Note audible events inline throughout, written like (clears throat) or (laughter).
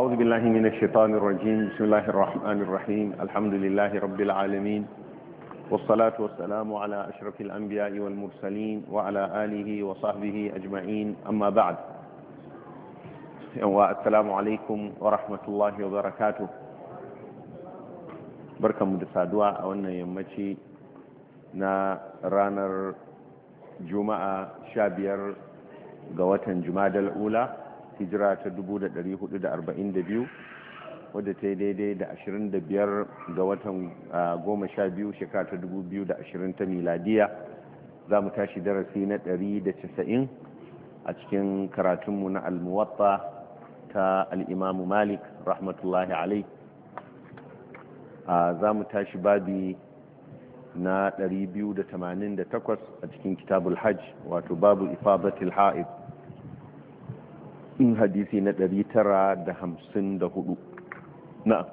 أعوذ بالله من الشيطان الرجيم بسم الله الرحمن الرحيم الحمد لله رب العالمين والصلاة والسلام على أشرف الأنبياء والمرسلين وعلى آله وصحبه أجمعين أما بعد السلام عليكم ورحمة الله وبركاته بركة مدسة دعاء وأن يمتي نا رانر جمعة شابير قوة جمادة الأولى hijira ta 1442 wadda ta yi daidai da 25 ga watan 12 shekara ta 2020 ta miladiya za mu tashi darasi na 190 a cikin karatunmu na almuwatta ta al'imamu malik rahmatullahi alai za mu tashi babi na 288 a cikin kitabul hajj wato babu ifabatul ha'id hadisi na 954 na'am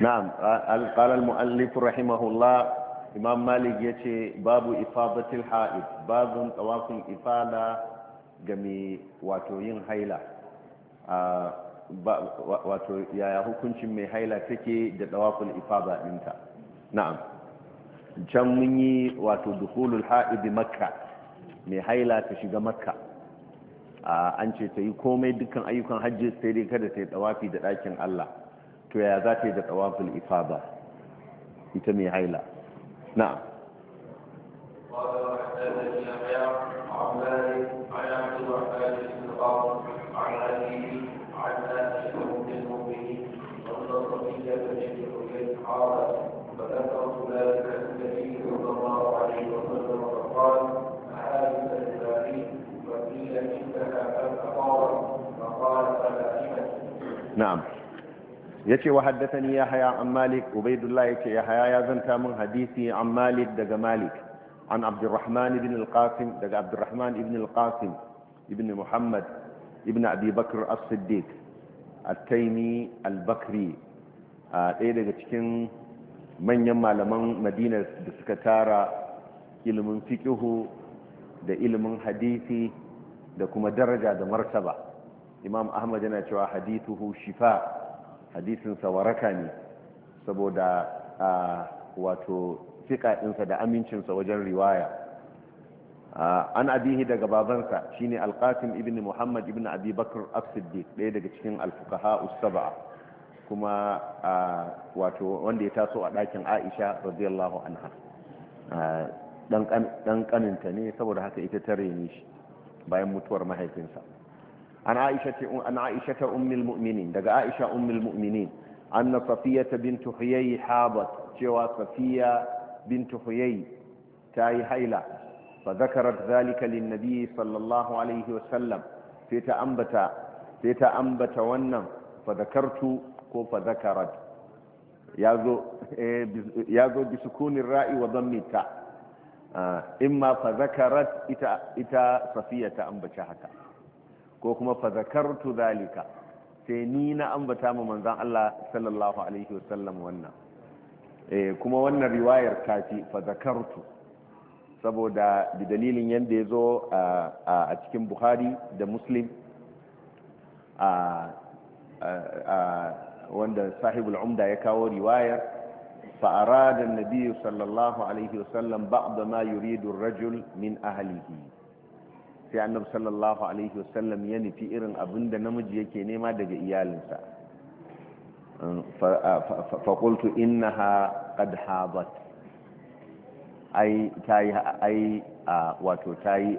نعم قال المؤلف رحمه الله إمام مالك يتي باب إفاضة الحائط باب طواف الإفادة جميع واتوين هيلة wato yaya hukuncin mai haila take da dawakul ifada ɗinta na'am can mun yi wato dukulul ha'id makka mai haila ta shiga makka an ce ta yi komai dukkan ayyukan hajji sai dai kada ta yi dawafi da ɗakin Allah to yaya za ta yi da dawakul ifada ita mai haila na'am na'am yace wa haddathani haya an malik ubaidullah yace haya ya zanta min hadisi an malik daga malik an abdurrahman ibn alqasim daga abdurrahman ibn alqasim ibn muhammad ibn abi bakr as-siddiq at-taymi al-bakri a ɗaya daga cikin manyan malaman madina da suka tara ilmin fiqihu da ilmin hadisi da kuma daraja da martaba imam ahmad yana cewa hadithuhu shifa hadisinsa waraka ne saboda wato fiƙaɗinsa da amincinsa wajen riwaya an abihi daga babansa shine alqasim ibn muhammad ibn abi bakr as ɗaya daga cikin alfuqaha usaba saba kuma wato wanda ya taso a dakin aisha radiyallahu anha dan kaninta ne saboda haka ita ta ne shi bayan mutuwar mahaifinsa عن عائشة, عن عائشة أم المؤمنين دقى عائشة أم المؤمنين أن صفية بنت حيي حاضت جوا صفية بنت حيي تاي حيلة فذكرت ذلك للنبي صلى الله عليه وسلم في تأنبت في تأنبت ونم فذكرت فذكرت ya zo إيه، بسكون الراء وضم التاء. آه، إما فذكرت إتا إتا صفية ita safiya ko kuma fazakartu zalika sai ni na ambata mu manzon Allah sallallahu alaihi wasallam wannan eh kuma wannan riwayar ta ce fa saboda da dalilin yanda yazo a cikin Bukhari da Muslim a wanda sahibul umda ya kawo riwayar fa arada an-nabiy sallallahu alaihi wasallam ba'da ma yuridu ar-rajul min ahlihi sai annabi sallallahu alaihi wasallam ya nufi irin abin da namiji yake nema daga iyalinsa faƙultu inna ha ƙad habat ai ta ai wato ta yi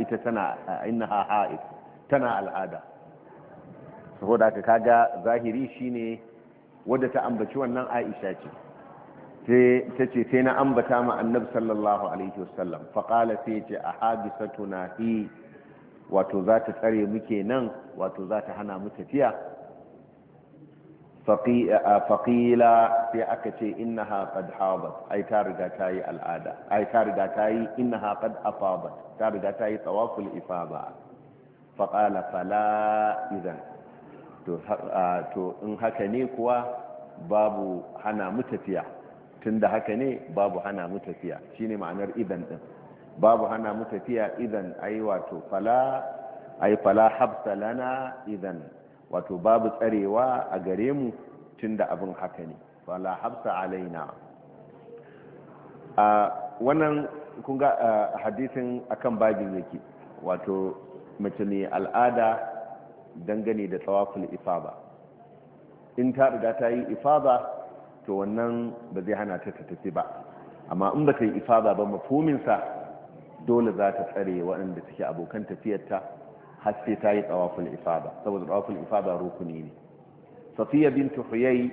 ita tana inna ha ha'id tana al'ada saboda ka kaga zahiri shine wadda ta ambaci wannan aisha ce ta ce sai na ambata ma annabi sallallahu alaihi wasallam faƙala sai ce a habisatu na fi wato za ta tsare muke nan wato za ta hana mu tafiya faƙila sai aka ce inna haƙad haɓar ai ta riga ta yi al'ada ai ta riga ta yi inna haƙad afabar ta riga ta yi tsawaful ifaba faƙala fala idan to in haka ne kuwa babu hana mu tafiya tun da haka ne babu hana mu tafiya shine ma'anar idan din babu hana mu tafiya idan ai wato fala ai fala habsa lana idan wato babu tsarewa a gare mu tun da abin haka ne fala habsa alaina a wannan kun ga hadisin akan babin yake wato mace ne al'ada dangane da tsawafin ifaba in ta riga ta yi ifaba to wannan ba zai hana ta ta tafi ba amma in ba ta yi ifada ba mafuminsa dole za ta tsare waɗanda suke abokan tafiyarta har sai ta yi tsawaful ifada saboda tsawaful ifada rukuni ne safiya Bintu huyay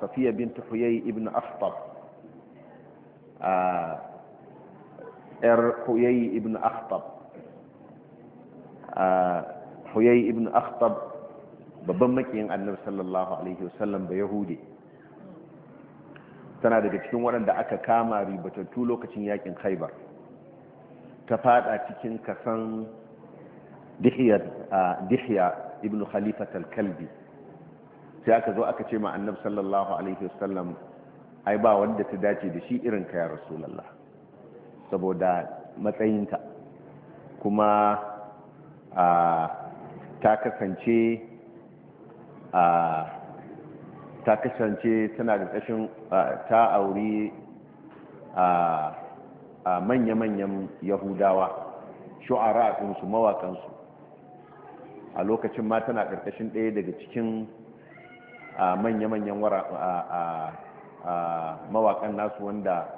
safiya Bintu huyay ibn akhtab Er huyay ibn akhtab huyay ibn akhtab babban makiyin annabi sallallahu alaihi wasallam ba yahudi tana daga cikin waɗanda aka kama ribatattu lokacin yakin haibar ta fada cikin kasan dihiya ibn khalifat al-kalbi sai aka zo aka ce ma annab sallallahu alaihi wasallam ai ba wanda ta dace da shi irin ka ya rasulallah saboda matsayinta kuma ta kasance a ta kasance tana da ƙashin ta auri a manya-manyan yahudawa shu'ara ɗinsu mawakansu a lokacin ma tana ƙarƙashin ɗaya daga cikin manya-manyan mawakan nasu wanda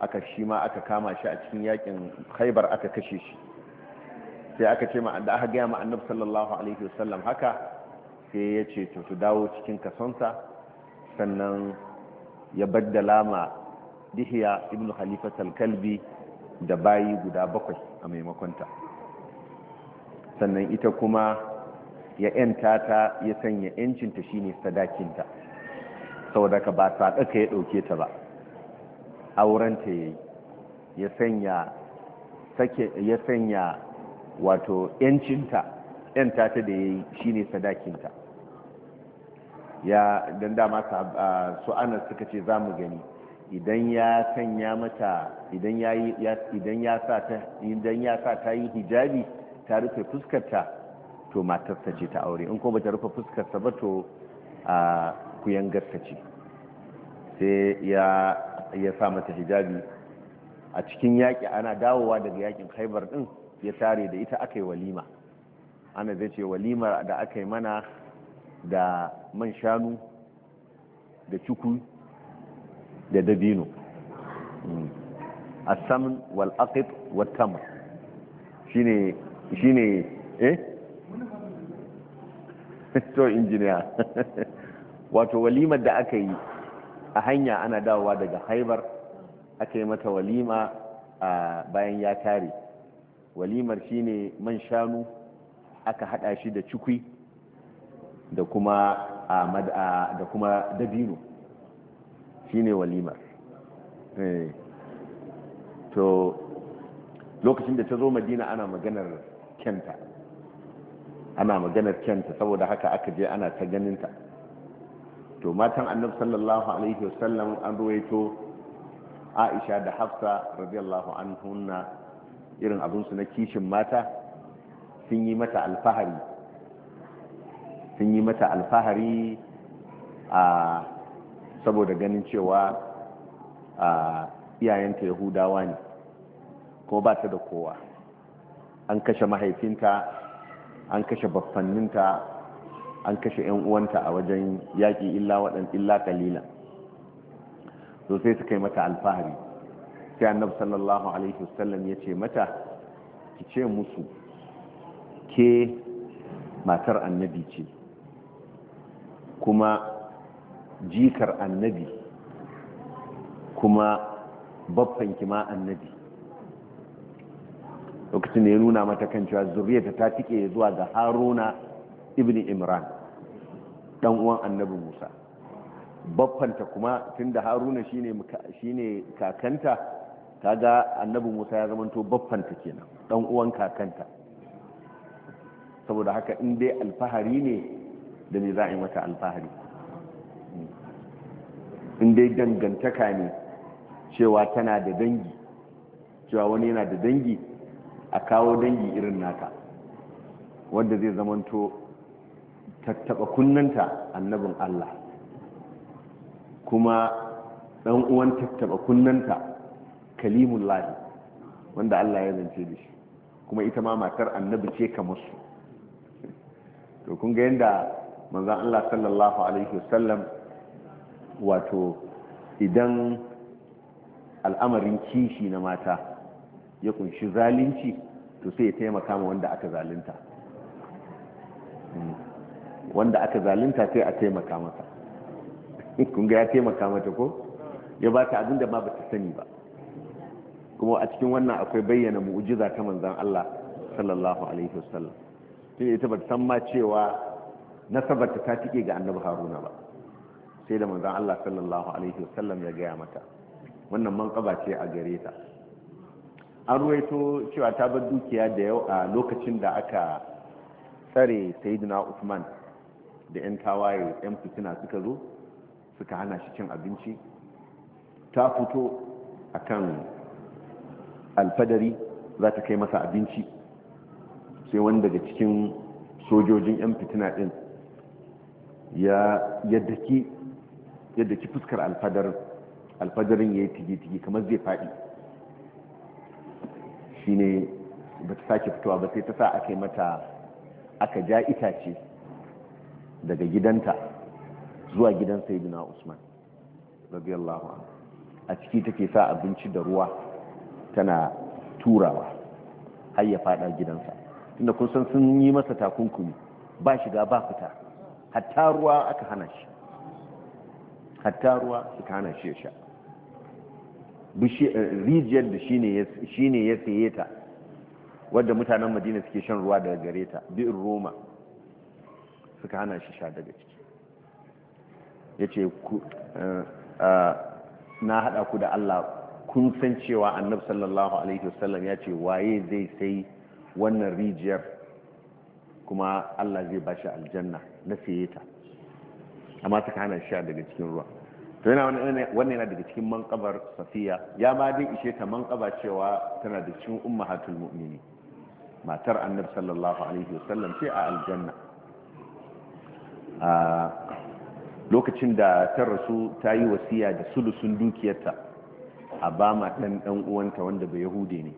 aka shi ma aka kama shi a cikin yakin haibar aka kashe shi sai aka ce ma da aka gaya ma'annab sallallahu alaihi wasallam haka sai ya ce to su dawo cikin kasonsa sannan ya baddala ma dihiya ibn khalifa kalbi da bayi guda bakwai a maimakonta sannan ita kuma ya yanta ta ya sanya yancinta shi ne sadakinta saboda ka ba sadaka ya ɗauke ta ba aurenta ya sanya ya sanya wato yancinta yanta ta da yayi shine sadakinta ya dan dama su anas suka ce za mu gani idan ya sanya mata idan ya idan ya sa ta idan ya sa ta yi hijabi ta rufe fuskarta to matarsa ce ta aure in ko bata rufe fuskarta ba to a kuyangarta ce sai ya ya sa mata hijabi a cikin yaki ana dawowa daga yakin haibar ɗin ya tare da ita aka yi walima ana zai ce walimar da aka yi mana da man shanu da cuku da dabino mm. asamin wal'aqib watam shine shine eh (laughs) to injiniya (laughs) wato walimar da aka yi a hanya ana dawowa daga haibar aka yi mata walima a bayan ya tare walimar shine man shanu aka hada shi da cukwi. da kuma da kuma dabino shine walimar eh. to lokacin da ta zo madina ana maganar kenta ana maganar kenta saboda haka aka je ana ta ganinta to matan annabi sallallahu alaihi wasallam an ruwaito aisha da hafsa radiyallahu anhunna irin abinsu na kishin mata sun yi mata alfahari sun yi mata alfahari a saboda ganin cewa a iyayenta yahudawa ne ko ba ta da kowa an kashe mahaifinta an kashe baffanninta an kashe 'yan uwanta a wajen yaƙi illa waɗan illa kalila to suka yi mata alfahari sai annabi sallallahu alaihi wasallam ya ce mata ki ce musu ke matar annabi ce kuma jikar annabi kuma babban kima annabi lokacin da ya nuna mata kan cewa zuriyarta ta tike zuwa ga haruna ibn imran dan uwan annabi musa babbanta kuma tunda haruna shine shine kakanta kaga annabi musa ya zamanto babbanta kenan dan uwan kakanta saboda haka in dai alfahari ne da me za a yi mata alfahari in dai dangantaka ne cewa tana da dangi cewa wani yana da dangi a kawo dangi irin naka wanda zai zamanto tattaba kunnanta annabin Allah kuma dan uwan tattaba kunnanta kalimullahi wanda Allah ya zance da shi kuma ita ma matar annabi ce kamar su to kun ga yanda manzan Allah sallallahu alaihi wasallam wato idan al'amarin kishi na mata ya kunshi zalunci to sai ya taimaka ma wanda aka zalunta hmm. wanda aka zalunta sai a taimaka mata (laughs) kunga ya taimaka mata ko ya ba ta abinda ma ba ta sani ba kuma a cikin wannan akwai bayyana mu'ujiza ta manzan Allah sallallahu alaihi wasallam tun ita ba san ma cewa nasabar ta tike ga annabi haruna ba sai da manzon Allah sallallahu alaihi wasallam ya gaya mata wannan manqaba ce a gare ta an ruwaito cewa ta bar dukiya da yau a lokacin da aka tsare sayyidina Usman da yan tawaye yan fitina suka zo suka hana shi cin abinci ta fito akan alfadari za ta kai masa abinci sai wani daga cikin sojojin 'yan fitina ɗin ya yaddaki yaddaki fuskar alfadar alfadarin yayi tigi-tigi kamar zai fadi shine ba ta sake fitowa ba sai ta sa aka mata aka ja itace daga gidanta zuwa gidan sayyidina Usman radiyallahu anhu a ciki take sa abinci da ruwa tana turawa har ya fada gidansa tunda kun san sun yi masa takunkumi ba shiga ba fita hatta ruwa aka hana shi hatta ruwa suka hana shi ya sha eh, rijiyar da shi ne ya saye ta wadda mutanen madina suke shan ruwa daga gare ta bi'in roma suka hana shi sha daga ciki ya ce eh, eh, na haɗa ku da allah kun san cewa annab sallallahu alaihi wasallam ya ce waye zai sai wannan rijiyar kuma Allah zai bashi aljanna na saye ta amma ta hana sha daga cikin ruwa to yana wannan yana daga cikin manqabar safiya ya ma dai ishe ta manqaba cewa tana da cikin ummahatul mu'mini matar annabi sallallahu alaihi wasallam ce a aljanna a lokacin da ta rasu ta yi wasiya da sulusun dukiyarta a ba ma dan dan uwanta wanda ba yahude ne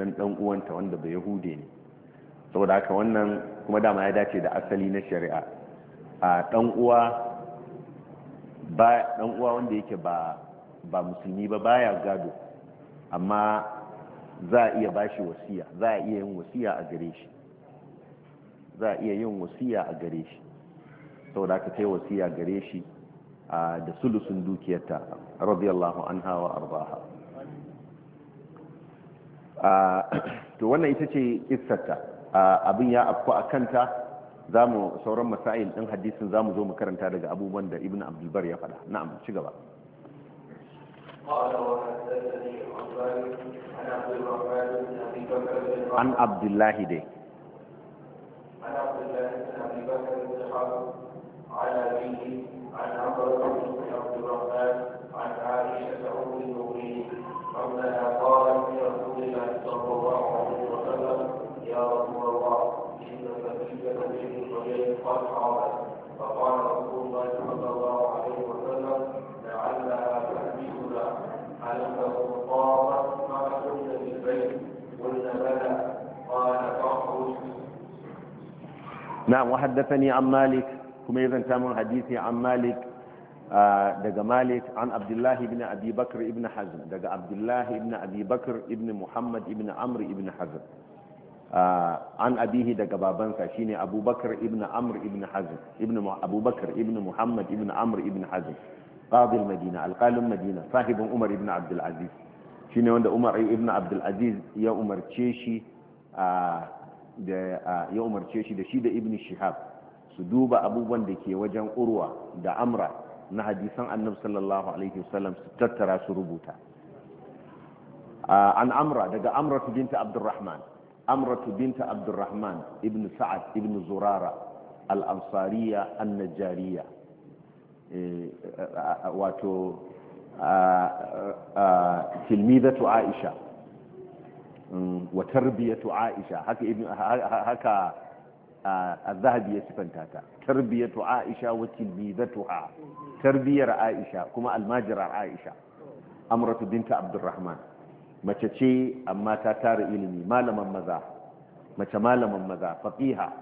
dan dan uwanta wanda ba yahude ne saboda haka wannan kuma dama ya dace da asali na shari'a a dan uwa ba dan uwa wanda yake ba ba musulmi ba baya gado amma za a iya bashi wasiya za a iya yin wasiya a gare shi za a iya yin wasiya a gare shi saboda haka ta yi wasiya gare shi da sulusun dukiyarta radiyallahu anha wa ardaha to wannan ita ce kissarta abin ya afku a kanta za mu sauran masail ɗin hadisin za mu zo mu karanta daga abubuwan da ibn abdulbar ya faɗa na'am ci gaba an abdullahi dai عن عبد الله فقال رسول الله صلى الله عليه وسلم لعلها ما كنت في البيت قلنا قال نعم وحدثني عن مالك كما إذا كان حديثي عن مالك آه، مالك عن عبد الله بن ابي بكر ابن حزم Hazm عبد الله بن ابي بكر ابن محمد ابن عمرو ابن حزم an abihi daga babansa shine abubakar ibn amr ibn hazm ibn abubakar ibn muhammad ibn amr ibn hazm qadi madina alqalin madina sahibin umar ibn abdul aziz shine wanda umar ibn abdul aziz ya umarce shi da ya umarce shi da shi da ibn shihab su duba abubuwan da ke wajen urwa da amra na hadisan annabi sallallahu alaihi wasallam su tattara su rubuta an amra daga amra binta abdurrahman أمرة بنت عبد الرحمن ابن سعد ابن زرارة الأنصارية النجارية إيه، واتو آه، آه، تلميذة عائشة وتربية عائشة هكا, ابن هكا آه، الذهبي يسفنتاتا تربية عائشة وتلميذتها تربية عائشة كما الماجرة عائشة أمرة بنت عبد الرحمن mace ce amma ta tara ilimi malaman maza mace malaman maza faqiha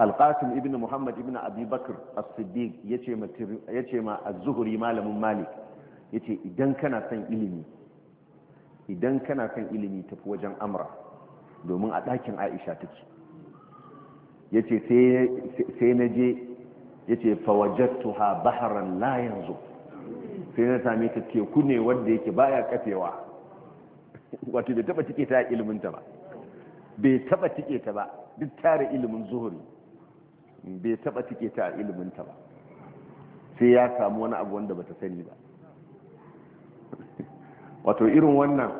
alqasim ibn muhammad ibn abi bakr as-siddiq yace ma yace ma az-zuhri malamin malik yace idan kana son ilimi idan kana son ilimi tafi wajen amra domin a dakin aisha take yace sai na je yace fawajattuha bahran la yanzu sai na same ta teku ne wanda yake baya kafewa wato bai taba cike ta ilimin ta ba bai taba cike ta ba duk tare ilimin zuhuri bai taba cike ta ilimin ta ba sai ya samu wani abu wanda bata sani ba (laughs) wato irin wannan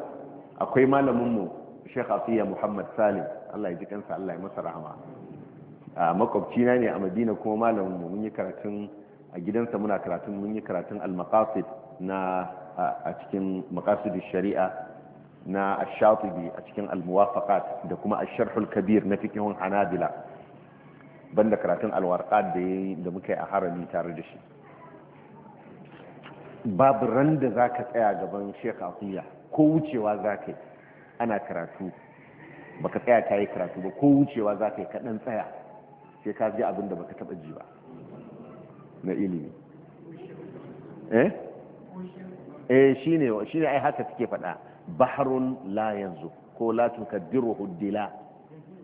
akwai malamin mu Sheikh Afiya Muhammad Salim Allah ya ji kansa Allah ya masa rahama a makwabci na ne a Madina kuma malamin mu mun yi karatun a gidansa muna karatun mun yi karatun al-maqasid na a cikin maqasidish shari'a na ash-shatibi a cikin al-muwafaqat da kuma ash-sharh al-kabir na fiqhun hanabila banda karatun al-warqat da yayi da muka yi a harami tare da shi babu ran da zaka tsaya gaban Sheikh Atiya ko wucewa zaka ana karatu baka tsaya kai karatu ba ko wucewa zaka ka dan tsaya sai ka ji abin da baka taba ji ba na ilimi eh eh shine shine ai haka take faɗa baharun la yanzu ko la tukaddiru huddila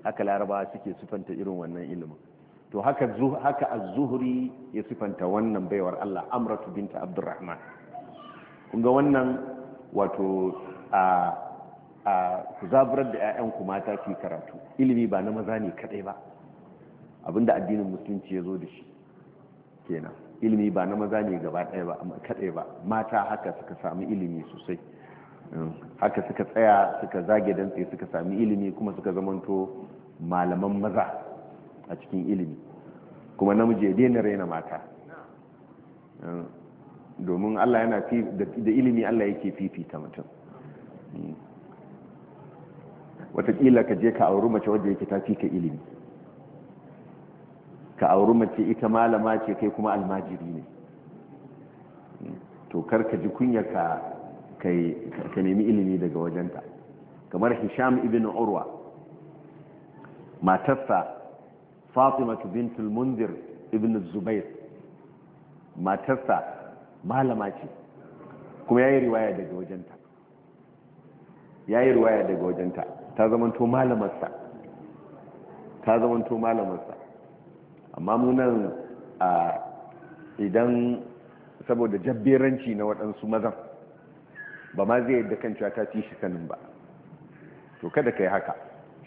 haka larabawa suke sifanta irin wannan ilimin to haka haka az-zuhri ya sifanta wannan baiwar Allah amratu binta abdurrahman Kunga wannan wato a a ku zaburar da 'ya'yanku mata su karatu ilimi ba na maza ne kadai ba abinda addinin musulunci ya zo da shi kenan ilimi ba na maza ne gaba ɗaya ba kadai ba mata haka suka samu ilimi sosai haka suka tsaya suka zage dantse suka sami ilimi kuma suka zamanto malaman maza a cikin ilimi kuma namiji ya daina raina mata domin Allah yana fi da ilimi Allah yake fifita mutum watakila ka je ka auri mace wadda yake ta fi ka ilimi ka auri mace ita malama ce kai kuma almajiri ne to kar ka ji kunya ka ka nemi ilimi daga wajenta kamar hisham ibn urwa matarsa fatima bintul mundir ibn zubair matarsa malama ce kuma ya yi riwaya daga wajenta ya yi riwaya daga wajenta ta zamanto malamarsa ta zamanto malamarsa amma munan a idan saboda jabberanci na waɗansu mazan ba ma zai yadda kan cewa ta fi shi sanin ba to kada ka yi haka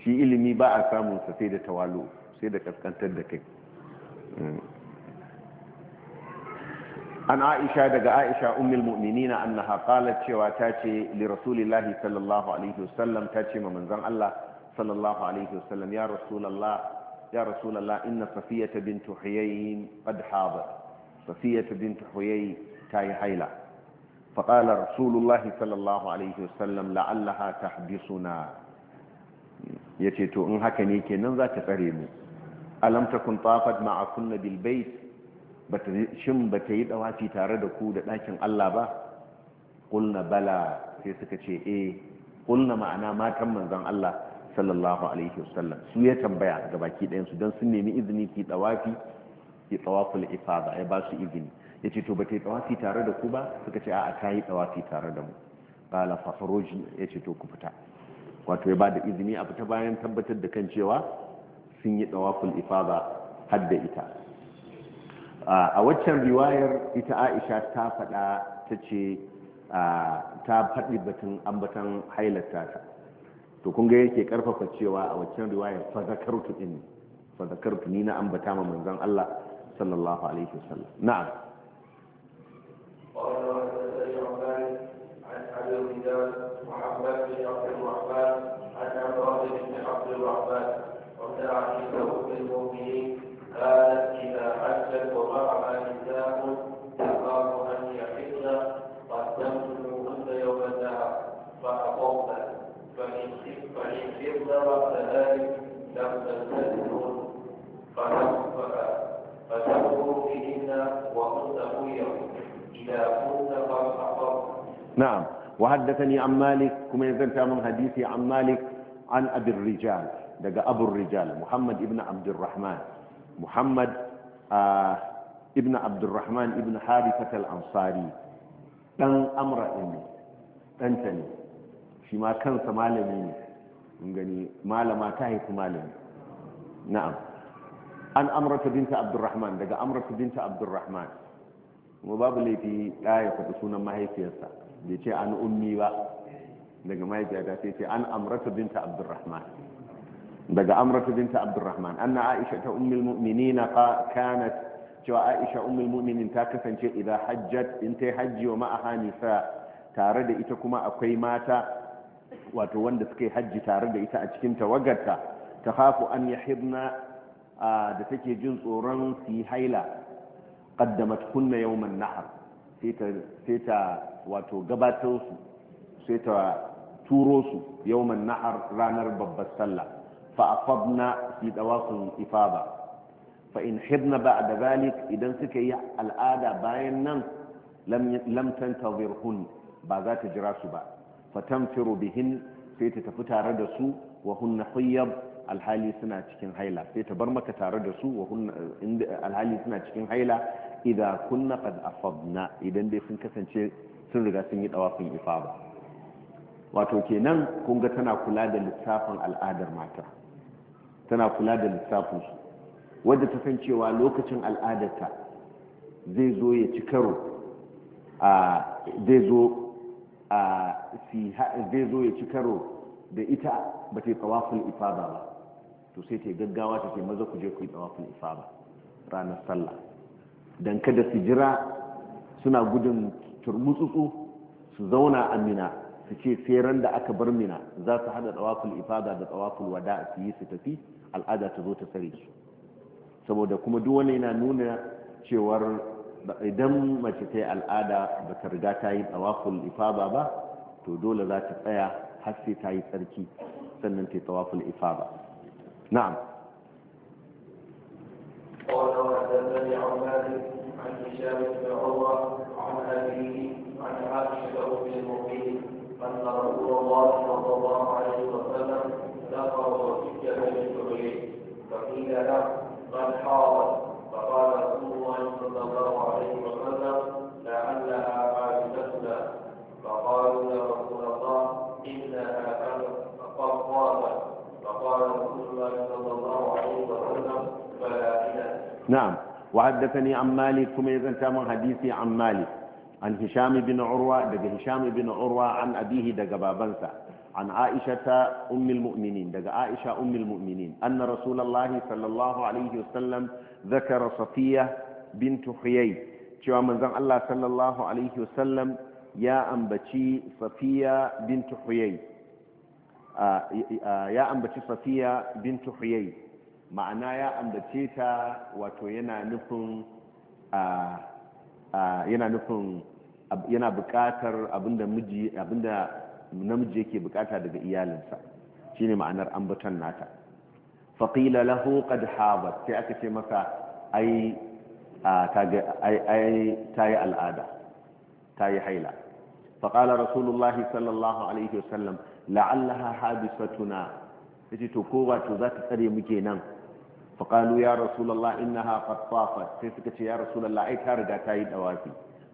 shi ilimi ba a samun sa sai da tawalo sai da kaskantar da kai hmm. an aisha daga aisha ummul mu'minina annaha qalat cewa ta ce li rasulillahi sallallahu alaihi wasallam ta ce ma manzon Allah sallallahu alaihi wasallam ya rasulullah ya rasulullah inna safiyata bint huyay qad hadat safiyata bint huyay ta yi haila فقال رسول الله صلى الله عليه وسلم لعلها تحبسنا يتيتو ان هكا نيكي ننزا تقريمو ألم تكن طافت معكن بالبيت شم بتيد أواتي تاردكو لكن الله با قلنا بلى في سكتشي إيه قلنا معنا ما كم من ذن الله صلى الله عليه وسلم سوية تنبيع قباكي دين سودان سنة إذني كي طوافي كي طواف الإفاضة عباس إذني ya ce to ba ta yi tsawafi tare da ku ba suka ce a ta yi tsawafi tare da mu ƙala fafaroji ya ce to ku fita wato ya ba da izini a fita bayan tabbatar da kan cewa sun yi tsawaful ifada har da ita a waccan riwayar ita aisha ta faɗa ta ce ta faɗi batun ambatan hailata ta to kun ga yake karfafa cewa a waccan riwayar fa zakartu inni ni na ambata ma manzan Allah sallallahu alaihi wasallam na'am Allah. wa haddathani an malik kuma ya zanta min hadisi an malik an abin rijal daga abin rijal muhammad ibn abdurrahman muhammad ibn abdurrahman ibn harifat al-ansari dan amra ne ɗanta ne shi kansa malami ne gani malama ta haifi malami na'am an amrata binta abdurrahman daga amrata binta abdurrahman kuma babu laifi ɗaya ya faɗi sunan mahaifiyarsa bai ce an ummi ba daga mahaifiyata sai ce an amratu binta abdurrahman daga amratu binta abdurrahman anna aisha ta ummul mu'minina kanat cewa aisha ummul mu'minin ta kasance idan hajjat in tai hajji wa ma'aha nisa tare da ita kuma akwai mata wato wanda suke hajji tare da ita a cikin tawagarta ta hafu an hirna da take jin tsoron su yi haila qaddamat kunna yawman nahar sai ta wato gabatar su sai ta turo su yawman na'ar ranar babbar sallah fa afadna fi dawafin ifaba fa in hibna da zalik idan suka yi al'ada bayan nan lam hun ba za ta jira su ba fa firo bihin sai ta tafi tare da su wa hunna huyyab alhali suna cikin haila sai ta bar maka tare da su alhali suna cikin haila idan kunna qad afadna idan dai sun kasance sun riga sun yi dawafin ifada wato kenan kun ga tana kula da lissafin al'adar mata tana kula da lissafin su wanda ta san cewa lokacin al'adarta zai zo ya ci karo zai zo ya ci karo da ita ba ta yi tsawafin ifada ba to sai ta gaggawa ta ce maza ku je ku yi tsawafin ifada ranar sallah don kada su jira suna gudun turmutsutsu su zauna a mina su ce sai ran da aka bar mina za su hada tsawakul ifada da tsawakul wada su yi su tafi al'ada ta zo ta tsare su saboda kuma duk wani yana nuna cewar idan mace ta yi al'ada ba ta riga ta yi tsawakul ifada ba to dole za ta tsaya har sai ta yi tsarki sannan ta yi tsawakul ifada na'am عن عن المؤمنين أن رسول الله صلى الله عليه وسلم فقيل له قد فقال رسول الله صلى الله عليه وسلم لعلها فقالوا يا رسول الله إنها قد فقال رسول الله صلى الله عليه وسلم فلا نعم وحدثني عن مالك كما يزنتا من حديثي عن مالك عن هشام بن عروة دق هشام بن عروة عن أبيه دق بابنسا عن عائشة أم المؤمنين دق عائشة أم المؤمنين أن رسول الله صلى الله عليه وسلم ذكر صفية بنت حيي cewa manzon Allah sallallahu alaihi wasallam ya ambaci Safiya bintu Huyay ya ambaci Safiya bintu Huyay ma'ana ya ambace ta wato yana nufin yana nufin yana buƙatar abinda miji abinda namiji yake buƙata daga iyalinsa shine ma'anar ambaton nata faqila lahu qad habat sai aka ce masa ai ta yi al'ada ta yi haila faqala rasulullahi sallallahu alaihi wasallam la'allaha habisatuna yace to ko wato zata tsare muke nan faƙalu ya rasulallah innaha qad safat sai suka ce ya rasulallah ai ta riga ta yi dawafi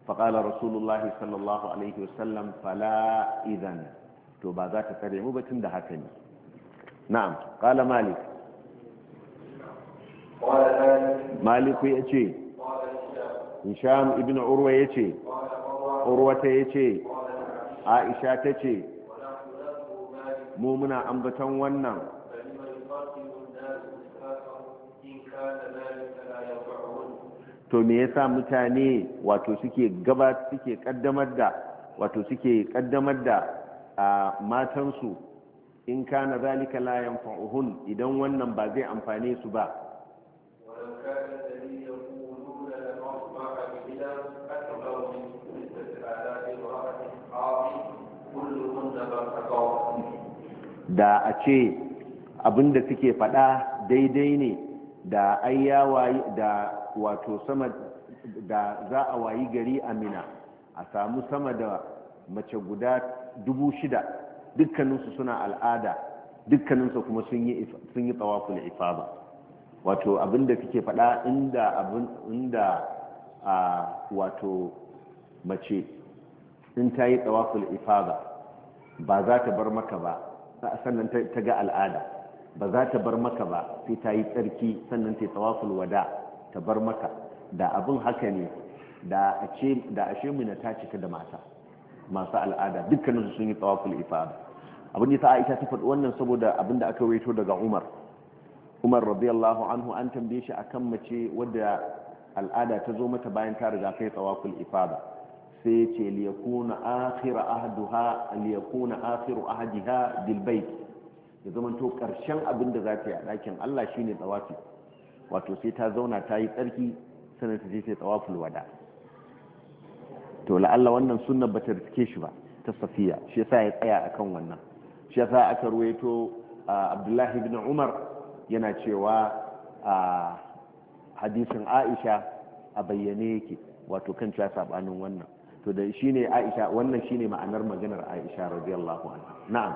faƙala rasulullahi sallallahu alaihi wasallam fala idan to ba za ta tsare mu ba tun da haka ne na'am qala malik malik ya ce nisham ibn urwa ya ce urwata ya ce aisha ta ce mu muna ambaton wannan to me yasa mutane wato suke gaba suke kaddamar da wato suke kaddamar da a matansu in kana zalika la yanfa'uhun idan wannan ba zai amfane su ba da a ce abinda suke faɗa daidai ne da ayyawa da wato sama da za a wayi gari Amina, a samu sama da mace guda dubu shida dukkaninsu suna al'ada dukkaninsu kuma sun yi tsawaful ifaba wato abin da kike faɗa inda abin inda a wato mace in ta yi tsawaful ifaba ba za ta bar maka ba sannan ta ga al'ada ba za ta bar maka ba sai ta yi tsarki sannan ta yi tsawaful wada' ta bar maka da abin haka ne da ashe na ta cika da mata masu al'ada dukkanin sun yi tsawafin ifada abin da ta aisha ta faɗi wannan saboda abin da aka waito daga umar umar radiyallahu anhu an tambaye shi a kan mace wadda al'ada ta zo mata bayan ta riga kai tsawaful ifada sai ya ce liyakuna akhiru ahduha liyakuna akhiru ahdiha bil bait ya zamanto karshen abin da za ta yi a ɗakin Allah shine tsawafi wato sai ta zauna ta yi tsarki sannan ta je sai tsawaful wada to la'alla wannan sunan ba ta rike shi ba ta safiya shi yasa ya tsaya akan wannan shi yasa aka ruwaito abdullahi ibn umar yana cewa a hadisin aisha a bayyane yake wato kan cewa sabanin wannan to da ne aisha wannan shine ma'anar maganar aisha radiyallahu anha na'am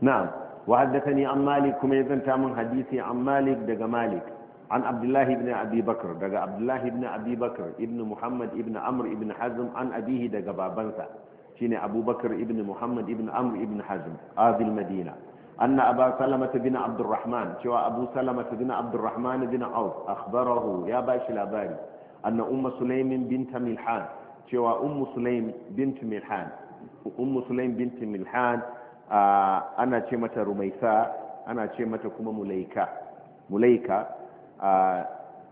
نعم وحدثني عن مالك كما يزن تامن حديثي عن مالك دقى مالك عن عبد الله بن أبي بكر دقى عبد الله بن أبي بكر ابن محمد ابن عمرو ابن حزم عن أبيه دقى بابنسا شيني أبو بكر ابن محمد ابن عمرو ابن حزم آبي المدينة أن أبا سلمة بن عبد الرحمن شوى أبو سلمة بن عبد الرحمن بن عوف أخبره يا باش الأباري أن أم سليم بنت ملحان شوى أم سليم بنت ملحان أم سليم بنت ملحان آه أنا شمة رميثاء أنا شمة كما مليكة مليكة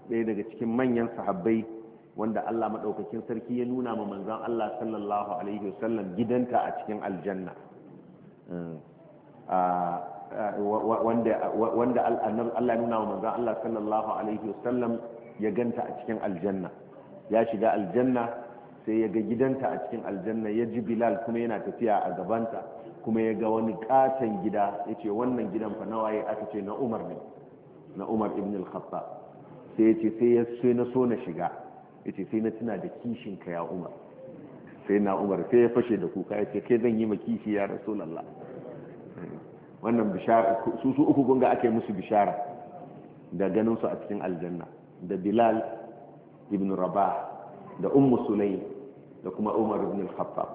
ɗaya daga cikin manyan sahabbai wanda Allah maɗaukakin sarki ya nuna ma manzon Allah sallallahu alaihi wasallam gidanta a cikin aljanna wanda Allah nuna wa manzan Allah sallallahu alaihi wasallam ya ganta a cikin aljanna ya shiga aljanna sai ya ga gidanta a cikin aljanna ya ji bilal kuma yana tafiya a gabanta kuma ya ga wani katon gida ya ce wannan gidan fa nawa ya aka ce na umar ne na umar ibn al-khattab sai ya sai ya sai na so na shiga ya ce sai na tuna da kishin ka ya umar sai na umar sai ya fashe da kuka ya ce kai zan yi ma kishi ya rasulullah wannan bishara su su uku gunga ake musu bishara da ganin su a cikin aljanna da bilal ibn rabah da ummu sulaim da kuma umar ibn al-khattab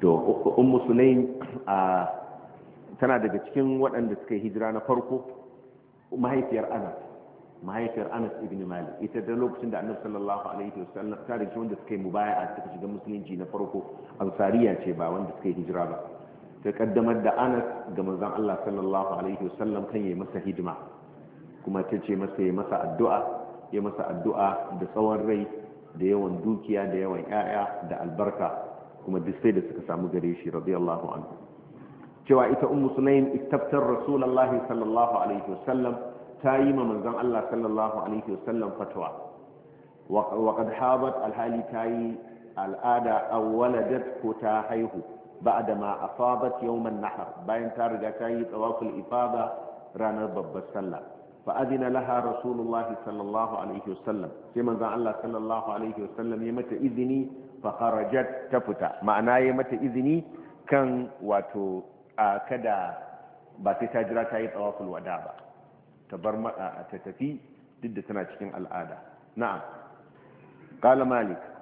to ummu sulaim a tana daga cikin waɗanda suka yi hijira na farko mahaifiyar anas mahaifiyar anas ibn malik ita da lokacin da annabi sallallahu alaihi wasallam ta da wanda suka yi mubaya'a suka shiga musulunci na farko ansariya ce ba wanda suka yi hijira ba ta kaddamar da anas ga manzon Allah sallallahu alaihi wasallam kan yayi masa hidima kuma ta ce masa yayi masa addu'a yayi masa addu'a da tsawon rai da yawan dukiya da yawan ƴaƴa da albarka kuma duk sai da suka samu gare shi radiyallahu anhu cewa ita ummu sulaim istaftar rasulullahi sallallahu alaihi wasallam ta yi ma manzon Allah sallallahu alaihi wasallam fatwa wa qad habat alhali ta yi al'ada aw waladat ko ta haihu ba'da ma asabat yawman nahar bayan ta riga ta yi tawaful ifada ranar babbar sallah fa adina laha rasulullah sallallahu alaihi sai manzon Allah sallallahu alaihi ya mata izini fa kharajat ta fita ma'ana ya mata izini kan wato kada ba sai ta jira ta yi tsawafin wada ba ta bar ta tafi duk da tana cikin al'ada na'am qala malik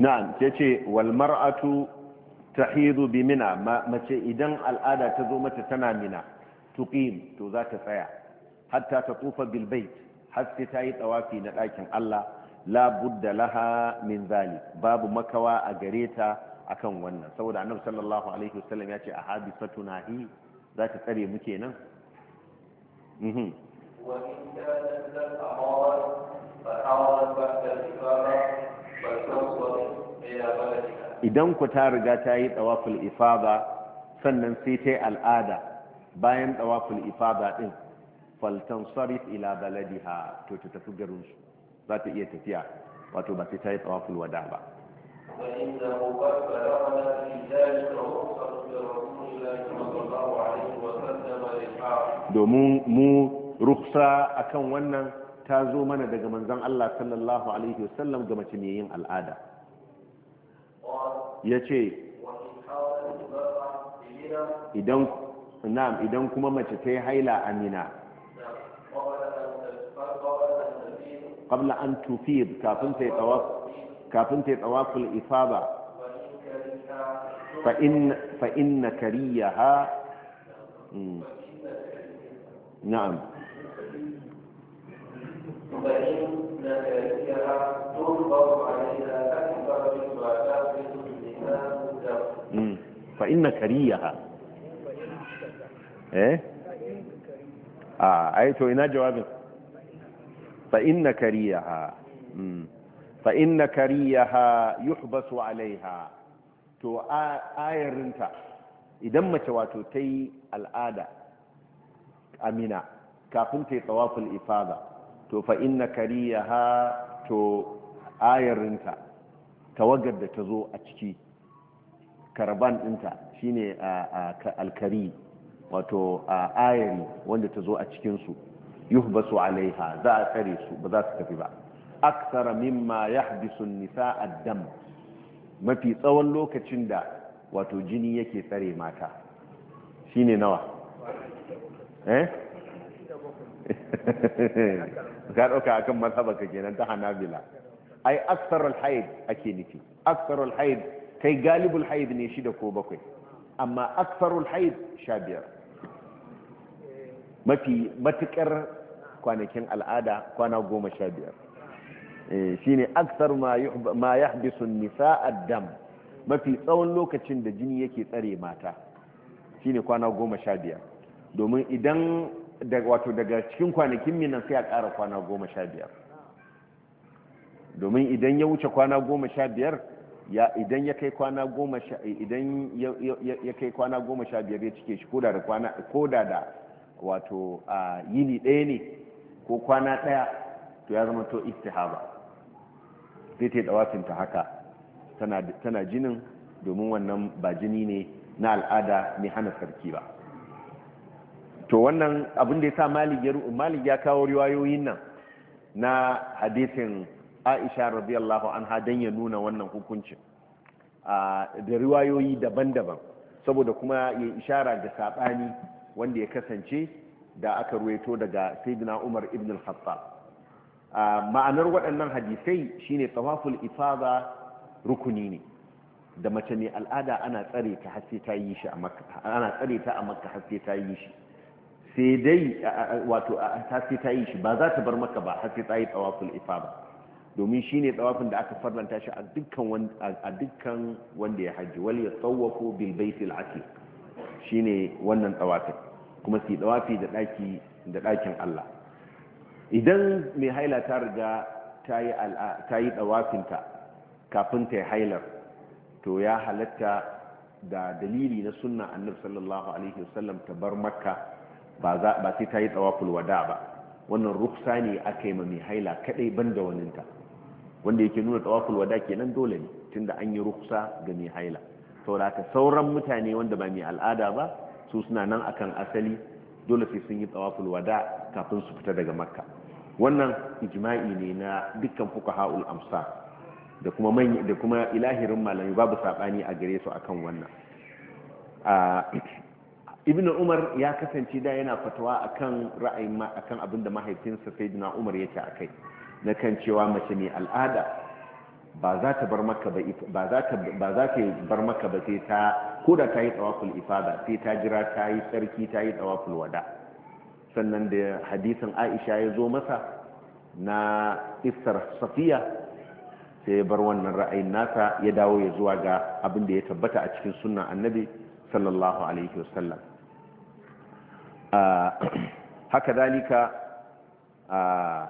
na'am ke ce walmar'atu ta hidu bi mina mace idan al'ada ta zo mata tana mina tukim to za ta tsaya hatta ta tsufa bilbait haske ta yi tsawafi na ɗakin Allah labudda laha min zali babu makawa a gareta akan wannan saboda annab sallallahu alaihi wasallam ya ce a habi fatunahi za ta tsare muke nan mhm. idan ku ta riga ta yi tsawaful ifada sannan sai ta yi al'ada bayan tsawaful ifada din faltan sarif ila baladiha to ta tafi garinsu za ta iya tafiya wato ba sai ta yi tsawaful wada ba domin mu ruksa akan wannan ta zo mana daga manzan Allah sallallahu alaihi wasallam ga mace mai yin al'ada ya ce idan kuma mace ta yi haila amina qabla an tufi kafin ta yi tawaf kafin ta yi tawaful ifada فإن فإن فإنك فيها تنظر عليها أكثر من تعتقد الإمام فإن كريها إيه؟ آه أيتو إنا جوابك فإن كريها مم. فإن كريها يحبس عليها to ayarinta idan mace wato ta yi al'ada amina kafin ta yi tsawafin ifada to fa inna ha to ayarinta tawagar da ta zo a ciki karaban ɗinta shine alkari wato ayari wanda ta zo a cikinsu yuhbasu alaiha za a tsare su ba za su tafi ba aksara mimma yahbisu nisa addam mafi tsawon lokacin da wato jini yake tsare mata ne nawa eh (laughs) ka ɗauka akan mazhabar ka kenan ta hanabila ai aksarul haid ake nufi aksarul haid kai galibul haid ne shida ko bakwai amma aksarul haid sha biyar mafi matukar kwanakin al'ada kwana goma sha biyar eh, shi ne aksar ma ya haɗisun nisa addam mafi tsawon lokacin da jini yake tsare mata shi ne kwana goma sha biyar domin idan wato daga cikin kwanakin minan sai a ƙara kwana goma sha biyar domin idan ya wuce kwana goma sha biyar idan ya kai kwana goma sha idan ya kai kwana goma sha biyar ya cike shi koda da kwana koda da wato a yini ɗaya ne ko kwana ɗaya to ya zama to istihaba zai ta yi ta haka tana jinin domin wannan ba jini ne na al'ada mai hana sarki ba to wannan abin da ya sa malik ya kawo riwayoyin nan na hadisin aisha radiyallahu anha don ya nuna wannan hukuncin da riwayoyi daban-daban saboda kuma ya ishara da saɓani wanda ya kasance da aka ruweto daga sayyidina umar ibn al-khattab ma'anar waɗannan hadisai shine tawaful ifada rukuni ne da mace mai al'ada ana tsare ta a makka ana ta yi shi sai dai wato ta sai ta yi shi ba za ta bar maka ba har sai ta yi ifa ba domin shi ne tsawafin da aka farlanta shi a dukkan wanda ya hajji wal ya tsawafo bil baitil atiq shi ne wannan tsawafin kuma sai tsawafi da ɗakin Allah idan mai haila ta riga ta yi tsawafinta kafin ta yi hailar to ya halatta da dalili na sunna annabi sallallahu alaihi wasallam ta bar makka ba sai ta yi tsawaful wada ba wannan ruksa ne aka yi mai haila kadai ban da waninta wanda yake nuna tsawaful wada kenan dole ne tunda an yi ruksa ga mai haila saboda sauran mutane wanda ba mai al'ada ba su suna nan akan asali dole sai sun yi tsawaful wada kafin su fita daga makka wannan ijma'i ne na dukkan fuqaha'ul amsa da kuma da kuma ilahirin malami babu saɓani a gare su akan wannan ah, ibn umar ya kasance da yana fatawa akan ra'ayin ma akan abinda mahaifinsa sayyidina umar yake akai na kan cewa mace mai al'ada ba za ta bar maka ba ba za ta ba za ta bar maka ba sai ta koda ta yi tawaful ifada sai ta jira ta yi sarki ta yi tawaful wada sannan da hadisin Aisha ya zo masa na isar safiya sai ya bar wannan ra'ayin nasa ya dawo ya zuwa ga abinda ya tabbata a cikin sunnan annabi sallallahu alaihi wasallam ah, (clears throat) haka dalika ah,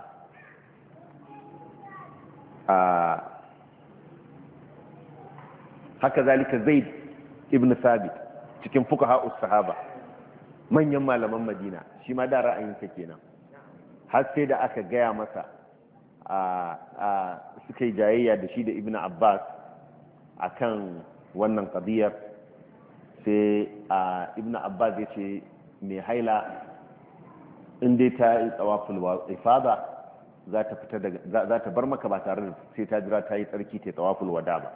ah, haka zalika zaid ibn sabit cikin fuqaha sahaba manyan malaman madina shi ma da ra'ayinsa kenan har sai da aka gaya masa suka yi jayayya da shi da ibn abbas akan wannan qadiyar sai a ibn abbas ya ce mai haila in dai ta yi tsawafin ifada za ta bar maka ba tare da sai ta jira ta yi tsarki ta yi tsawafin wada ba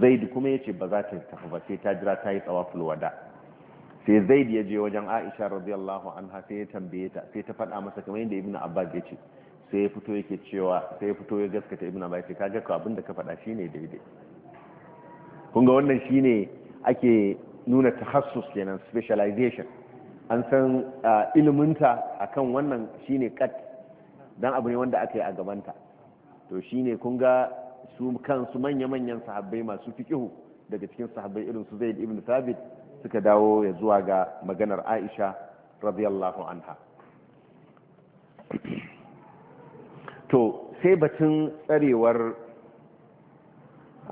zaid kuma ya ce ba za ta tafi ba sai ta jira ta yi tsawafin wada sai zaid ya je wajen aisha radiyallahu anha sai ya tambaye ta sai ta faɗa masa kamar yadda ibn abbas ya ce sai ya fito yake cewa sai ya fito ya gaskata ibn abbas ka ga abin da ka faɗa shine daidai kun ga wannan shine ake nuna tahassus kenan specialization an san iliminta akan wannan shine kat dan abu ne wanda aka yi a gabanta to shine kun ga su kansu manya-manyan sahabbai masu fikihu daga cikin sahabbai irin su zaid ibn thabit suka dawo ya zuwa ga maganar aisha radiyallahu anha to sai batun tsarewar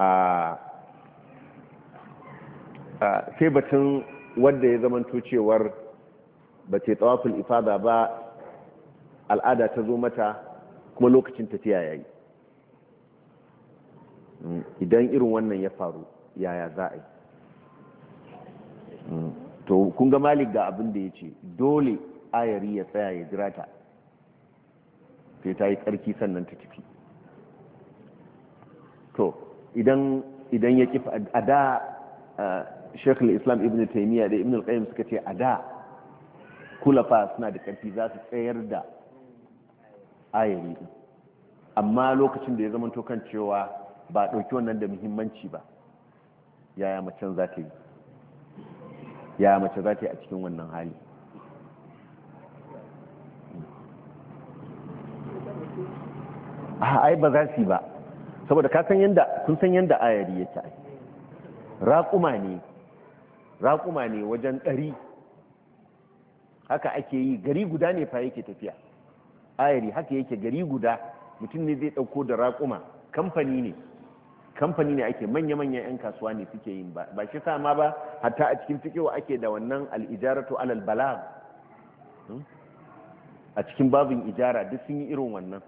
a sai batun wanda ya zama cewar ba ce tsawafin ifada ba al'ada ta zo mata kuma lokacin tafiya ya yi idan irin wannan ya faru yaya za a yi to kun ga malik ga abin da ya ce dole ayari ya tsaya ya jira ta sai ta yi tsarki sannan ta tafi to idan ya kifa a da shekul islam ibn taimiyya da ibn al-qayyim suka ce a da kulafa suna da ƙarfi za su tsayar da ayari amma lokacin da ya zama tokan cewa ba ɗauki wannan da muhimmanci ba yaya macen za ta yi yaya mace za ta yi a cikin wannan hali a ai ba za su yi ba saboda kasan yadda kun san yadda ayari ya ta raƙuma ne raƙuma ne wajen ɗari haka ake yi gari guda ne fa yake tafiya ayari haka yake gari guda mutum ne zai ɗauko da raƙuma kamfani ne kamfani ne ake manya-manyan 'yan kasuwa ne suke yin ba ba shi sama ba hatta a cikin fikewa ake da wannan al'ijaratu alal bala hmm? a cikin babin ijara duk sun yi irin wannan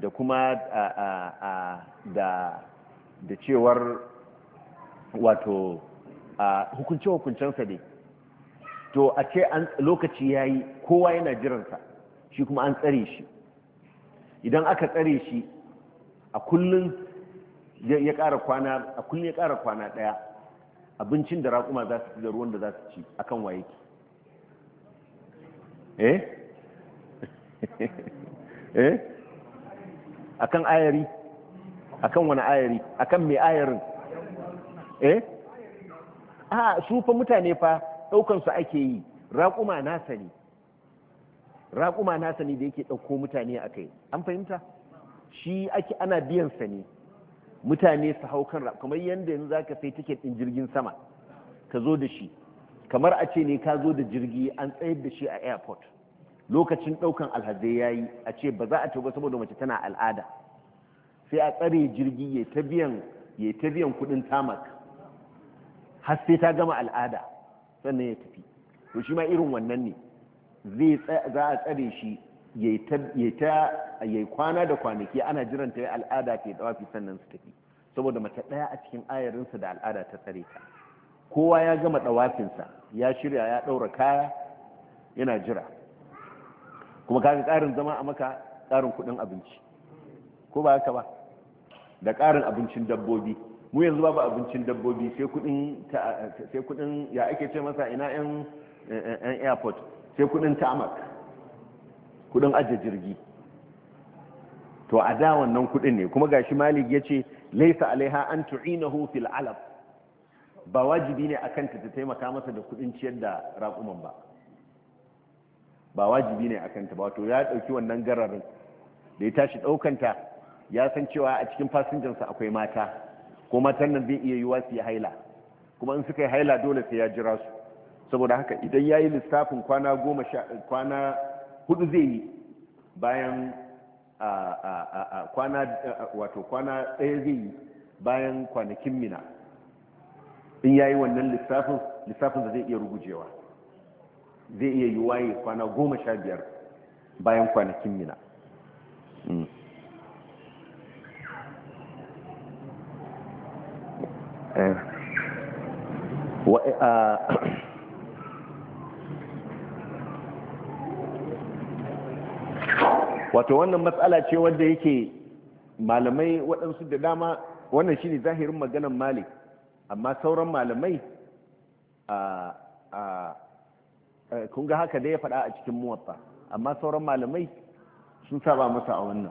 da kuma da cewar wato a hukunce-hukuncensa ne to a ce lokaci ya yi kowa yana jiransa shi kuma an tsare shi idan aka tsare shi a kullum ya ƙara kwana a kullum ya ƙara kwana ɗaya abincin da raƙuma za su ci da ruwan da za su ci a kan waye ki eh (laughs) eh a kan ayari a kan wani ayari a kan mai ayarin eh a su fa mutane fa ɗaukansu ake yi raƙuma nasa ne raƙuma nasa ne da yake ɗauko mutane a kai an fahimta shi ake ana biyan sa ne mutane su hau kan kamar yadda yanzu za ka sai tiket ɗin jirgin sama ka zo da shi kamar a ce ne ka zo da jirgi an tsayar da shi a airport lokacin ɗaukan alhazai ya yi a ce ba za a ce ba saboda mace tana al'ada sai a tsare jirgi ya ta biyan kuɗin tamaka har sai ta gama al'ada sannan ya tafi to shi ma irin wannan ne zai za a tsare shi yayi kwana da kwanaki ana jiran ta al'ada ke fi sannan su tafi saboda mace ɗaya a cikin ayarinsa da al'ada ta tsare ta kowa ya gama ɗawafinsa ya shirya ya ɗaura kaya yana jira kuma kaga karin zama a maka karin kudin abinci ko ba haka ba da karin abincin dabbobi mu yanzu babu abincin dabbobi sai kudin ya ake ce masa ina yan airport sai kudin tamak kudin aje jirgi to a da wannan kudin ne kuma gashi malik ya ce laisa alaiha an tu'inahu fil alaf ba wajibi ne akan ta ta taimaka masa da kudin ciyar da raƙuman ba ba wajibi ne akan ta ba to ya dauki wannan gararin da ya tashi daukanta ya san cewa a cikin fasinjansa akwai mata ko matan nan zai iya yiwa wasu ya haila kuma in suka yi haila dole sai ya jira su saboda haka idan ya yi lissafin kwana goma sha kwana hudu zai yi bayan kwana wato ɗaya zai yi bayan kwanakin mina in ya yi wannan lissafin lissafin da zai iya rugujewa zai iya yi waye kwana goma sha biyar bayan kwanakin mina wato wannan matsala ce wadda yake malamai waɗansu da dama wannan shi ne zahirin maganan malik amma sauran malamai kun ga haka da ya faɗa a cikin muwatta amma sauran malamai sun saba masa a wannan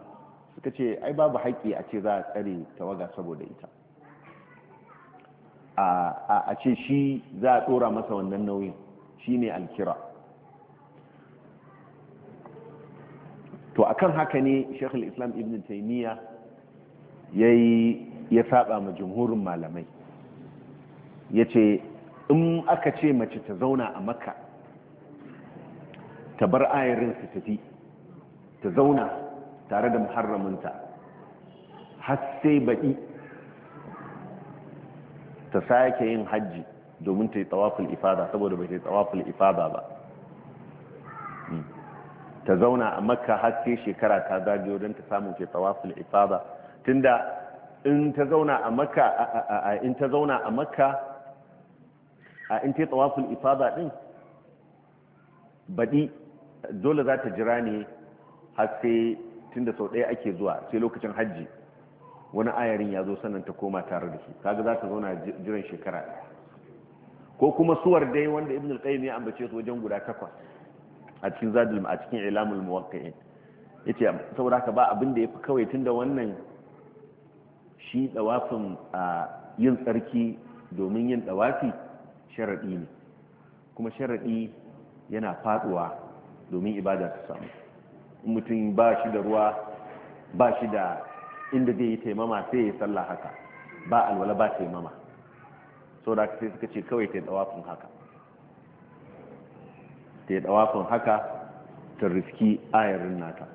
suka ce ai babu haƙƙi a ce za a tsare tawaga saboda ita a ce shi za a tsora masa wannan nauyin shi ne alkira to a kan haka ne shekul islam ibn taimiyya ya saba ma jumhurin malamai ya ce in aka ce mace ta zauna a makka ta bar ayarin su tafi ta zauna tare da muharraminta har sai baɗi ta sake yin hajji domin ta yi tsawafin ifada saboda bai ta yi tsawafin ifada ba hmm. ta zauna a makka haske shekara ta zagayo don ta samu ke tsawafin ifada tunda in ta zauna a makka a in ta zauna a makka a in ta yi tsawafin ifada din baɗi dole za ta jira ne haske tun tunda sau ɗaya ake zuwa sai lokacin hajji wani ayarin ya zo sannan ta koma tare da shi kaga za ta zauna jiran shekara ɗaya ko kuma suwar dai wanda ibn al-qayyim ya ambace su wajen guda takwas a cikin zadul a cikin ilamul muwaqqi'in yace saboda ka ba abin da yafi kawai tunda wannan shi dawafin a yin tsarki domin yin dawafi sharadi ne kuma sharadi yana faduwa domin ibada ta samu mutum ba shi da ruwa ba shi da inda zai yi taimama sai ya sallah haka ba alwala ba taimama so da sai suka ce kawai ta yi dawafin haka ta yi dawafin haka ta riski ayarin nata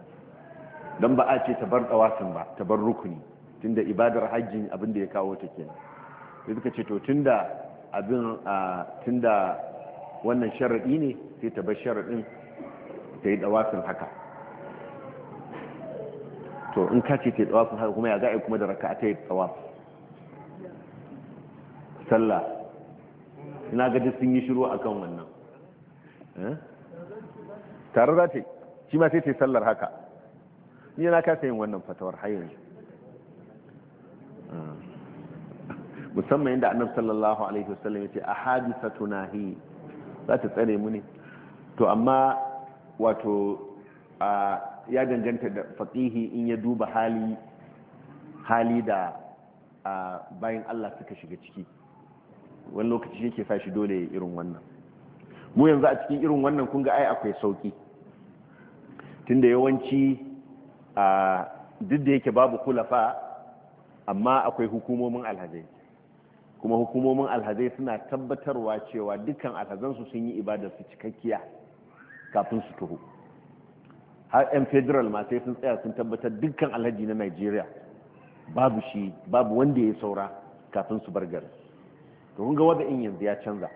don ba a ce ta bar dawafin ba ta bar rukuni tun da ibadar hajjin abin da ya kawo ta kenan sai suka ce to da abin da wannan sharaɗi ne sai ta bar sharaɗin ta yi dawafin haka to in ka ce ta tsawafin haka kuma ya za'a kuma da raka ta yi tsawaf sallah ina ga sun yi shiru a kan wannan eh? tare za ta yi shi ma sai ta yi sallar haka ni yana kasa yin wannan fatawar har yanzu eh. musamman yadda annab sallallahu alaihi wasallam ya ce a hadisa tunahi za ta tsare mu ne to amma wato a ya danganta da faƙihi in ya duba hali hali da bayan Allah suka shiga ciki wani lokaci yake sa shi dole ya irin wannan mu yanzu a cikin irin wannan kun ai akwai sauki tunda yawanci a duk da yake babu kulafa amma akwai hukumomin alhazai kuma hukumomin alhazai suna tabbatarwa cewa dukkan alhazansu sun yi ibadar su cikakkiya kafin su tuhu har 'yan federal ma sai sun tsaya sun tabbatar dukkan alhaji na nigeria babu shi babu wanda ya saura kafin su bar gari to kun ga wanda in yanzu ya canza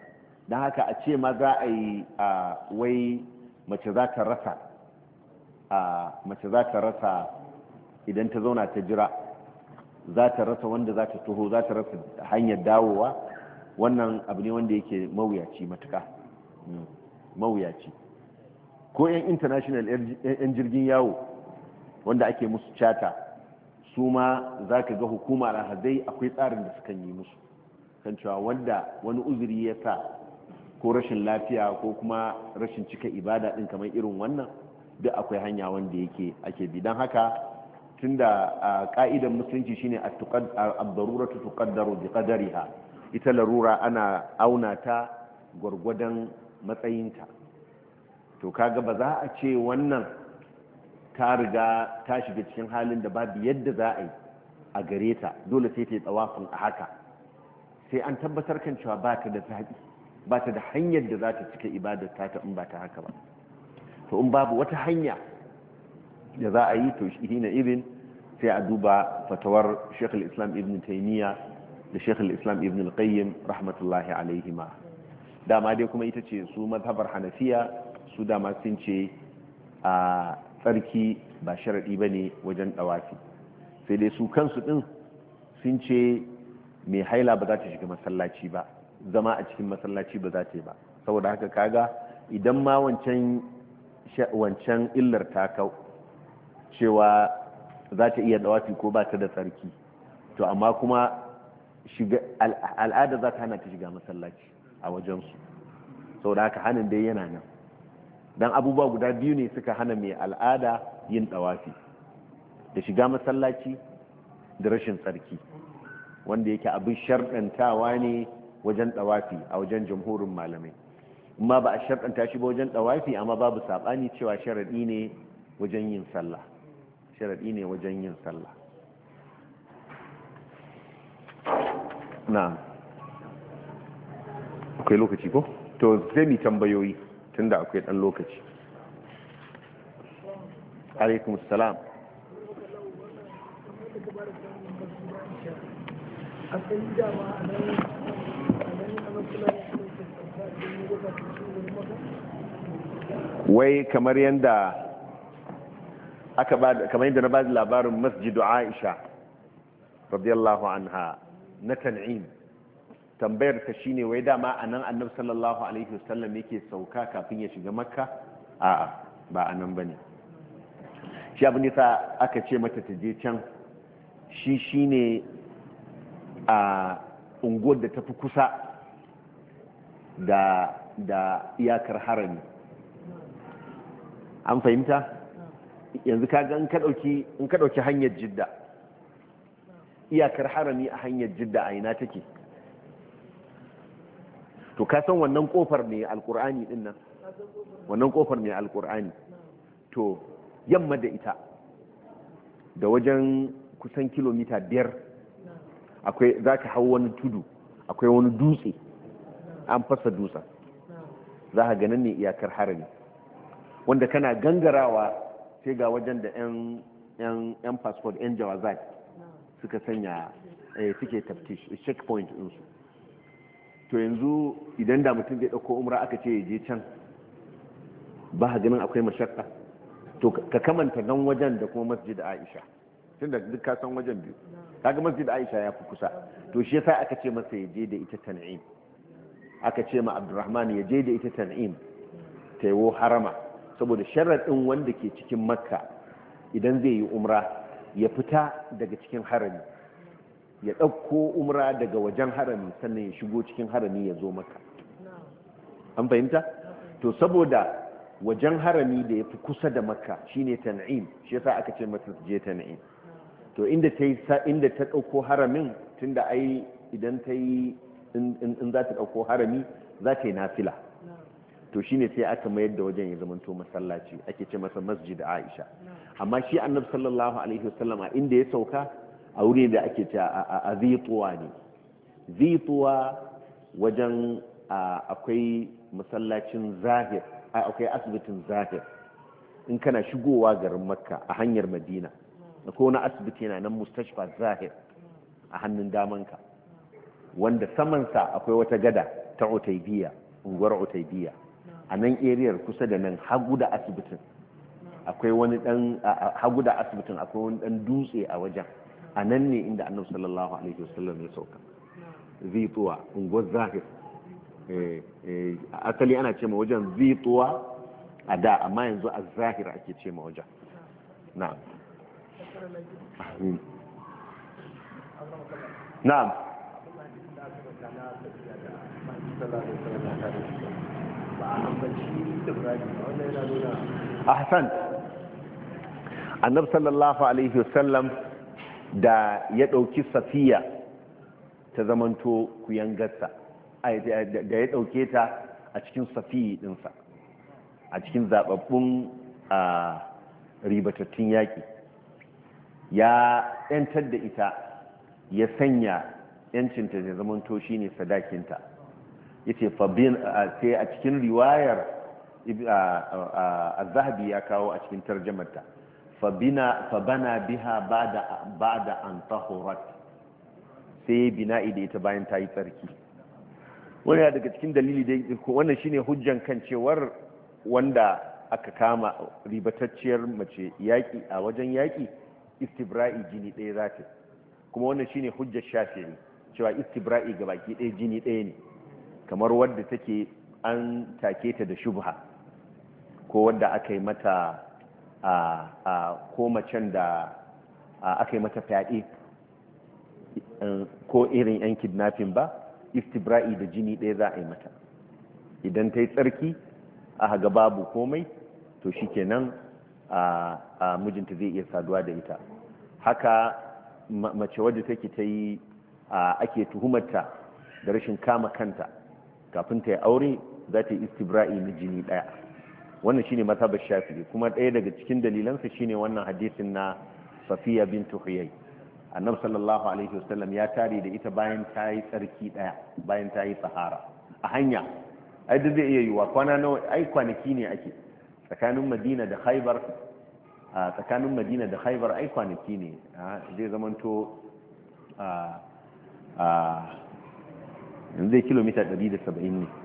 don haka a ce ma za a yi a wai mace za ta rasa a mace za ta rasa idan ta zauna ta jira za ta rasa wanda za ta tuho za ta rasa hanyar dawowa wannan abu ne wanda yake mawuyaci matuka hmm, mawuyaci ko 'yan international 'yan jirgin yawo wanda ake musu chata su ma za ka ga hukuma alhazai akwai tsarin da suka yi musu kan cewa wanda wani uzuri ya sa ko rashin lafiya ko kuma rashin cika ibada din kamar irin wannan duk akwai hanya wanda yake ake bi don haka tunda a ka'idan musulunci shine ta daruratu da kadari ha ita larura ana auna ta gwargwadon matsayinta to kaga ba za a ce wannan ta riga ta shiga cikin halin da babu yadda za a yi a gare ta dole sai ta yi tsawafin a haka sai an tabbatar kan cewa ba ta da zaɓi ba ta da hanyar da za ta cika ibadar ta ta in ba ta haka ba to in babu wata hanya da za a yi to shi na irin sai a duba fatawar shekul islam ibn taimiyya da shekul islam ibn al rahmatullahi alaihima dama dai kuma ita ce su mazhabar hanafiya su dama sun ce a tsarki ba sharaɗi ba ne wajen ɗawafi sai dai su kansu ɗin sun ce mai haila ba za ta shiga masallaci ba zama a cikin masallaci ba za ta yi ba saboda haka kaga idan ma wancan illar ta kau cewa za ta iya ɗawafi ko ba ta da tsarki to amma kuma al'ada za ta hana ta shiga masallaci a wajensu saboda haka hannun dai yana nan dan abubuwa guda biyu ne suka hana mai al'ada yin dawafi da shiga masallaci da rashin tsarki wanda yake abin sharɗantawa ne wajen dawafi a wajen jamhurin malamai amma ba a sharɗanta shi ba wajen dawafi amma babu saɓani cewa sharaɗi ne wajen yin sallah sharaɗi ne wajen yin sallah na akwai lokaci ko to zai mi tambayoyi tunda akwai ɗan lokaci alaikum salam wai kamar yadda aka ba kamar yadda na ba da labarin masjidu aisha radiyallahu anha na tan'im tambayar ka shine wai dama nan annabi sallallahu alaihi wasallam yake sauka kafin ya shiga makka a'a ba a ba bane shi abin da aka ce mata ta je can shi shine a unguwar da tafi kusa da da iyakar harami an fahimta yanzu ka ga in ka dauki hanyar jidda iyakar harami a hanyar jidda a ina take to ka san wannan kofar mai alkur'ani din nan wannan kofar mai alkur'ani to yamma da ita da wajen kusan kilomita biyar akwai za ka hau wani tudu akwai wani dutse an fasa dutsen za ka ganin ne iyakar harami wanda kana gangarawa sai ga wajen da 'yan fasfod 'yan jawazai suka sanya eh, suke taftish checkpoint insu to yanzu idan da mutum zai ɗauko umra aka ce ya je can ba ha ganin akwai mashakka to ka kamanta nan wajen da kuma masjid aisha tun da duk kasan wajen biyu kaga masjid aisha ya fi kusa to shi yasa aka ce masa ya je da ita tan'im aka ce ma abdurrahman ya je da ita tan'im ta yiwo harama saboda sharaɗin wanda ke cikin makka idan zai yi umra ya fita daga cikin harami ya ɗauko umra daga wajen harami sannan ya shigo cikin harami ya zo maka an fahimta to saboda wajen harami da ya fi kusa da maka shine tan'im shi yasa aka ce mata su je tan'im to inda ta inda ta ɗauko haramin tunda ai idan ta yi in za ta ɗauko harami za ta yi nafila to shine sai aka mayar da wajen ya zamanto masallaci ake ce masa masjid aisha amma shi annabi sallallahu alaihi wasallam a inda ya sauka a wuri da ake ta a zituwa ne zituwa wajen akwai masallacin zahir akwai asibitin zahir in kana shigowa garin makka a hanyar madina da wani asibiti yana nan mustashfa zahir a hannun damanka wanda samansa akwai wata gada ta otaibiya unguwar otaibiya a nan eriyar kusa da nan hagu da asibitin akwai wani dan hagu da asibitin akwai wani dan dutse a wajen a nan ne inda annabi sallallahu alaihi wasallam ya sauka zituwa unguwar zahir eh, eh, asali ana ce ma wajen zituwa a da amma yanzu a zahir ake ce ma wajen na'am na'am Hassan. annab sallallahu alaihi wasallam da ya ɗauki safiya ta zamanto kuyangarsa da ya ɗauke ta a cikin safiya ɗinsa a cikin zaɓaɓɓun ribatattun yaƙi ya ‘yantar da ita ya sanya ‘yancinta da zamanto shi ne sadakinta ya ce sai a cikin riwayar a zahabi ya kawo a cikin tarjamarta fabana biha bada da an sai bina'i da ita bayan ta yi tsarki wani ya daga cikin dalili da wannan shine hujjan kan cewar wanda aka kama ribatacciyar mace yaki a wajen yaki istibra'i jini ɗaya za ta kuma wannan shine hujjar shafi'i cewa istibra'i ga baki ɗaya jini ɗaya ne kamar wadda take an take ta da shubha ko wadda aka yi mata ko macen da aka yi mata fyaɗe ko irin yan kidnafin ba iftibra'i da jini ɗaya za a yi mata idan ta yi tsarki a ga babu komai to shi shikenan a mijinta zai iya saduwa da ita haka mace wadda take ta yi ake tuhumarta da rashin kama kanta kafin ta yi aure za ta yi istibra'i na jini ɗaya wannan shine mazhabar shafi'i kuma ɗaya daga cikin dalilansa shine wannan hadisin na safiya bintu huyay annabi sallallahu alaihi wasallam ya tare da ita bayan ta yi tsarki ɗaya bayan ta yi sahara a hanya ai duk zai iya yiwa kwana nawa ai kwanaki ne ake tsakanin madina da Khaybar a tsakanin madina da Khaybar ai kwanaki ne zai zamanto a zai kilomita 170 ne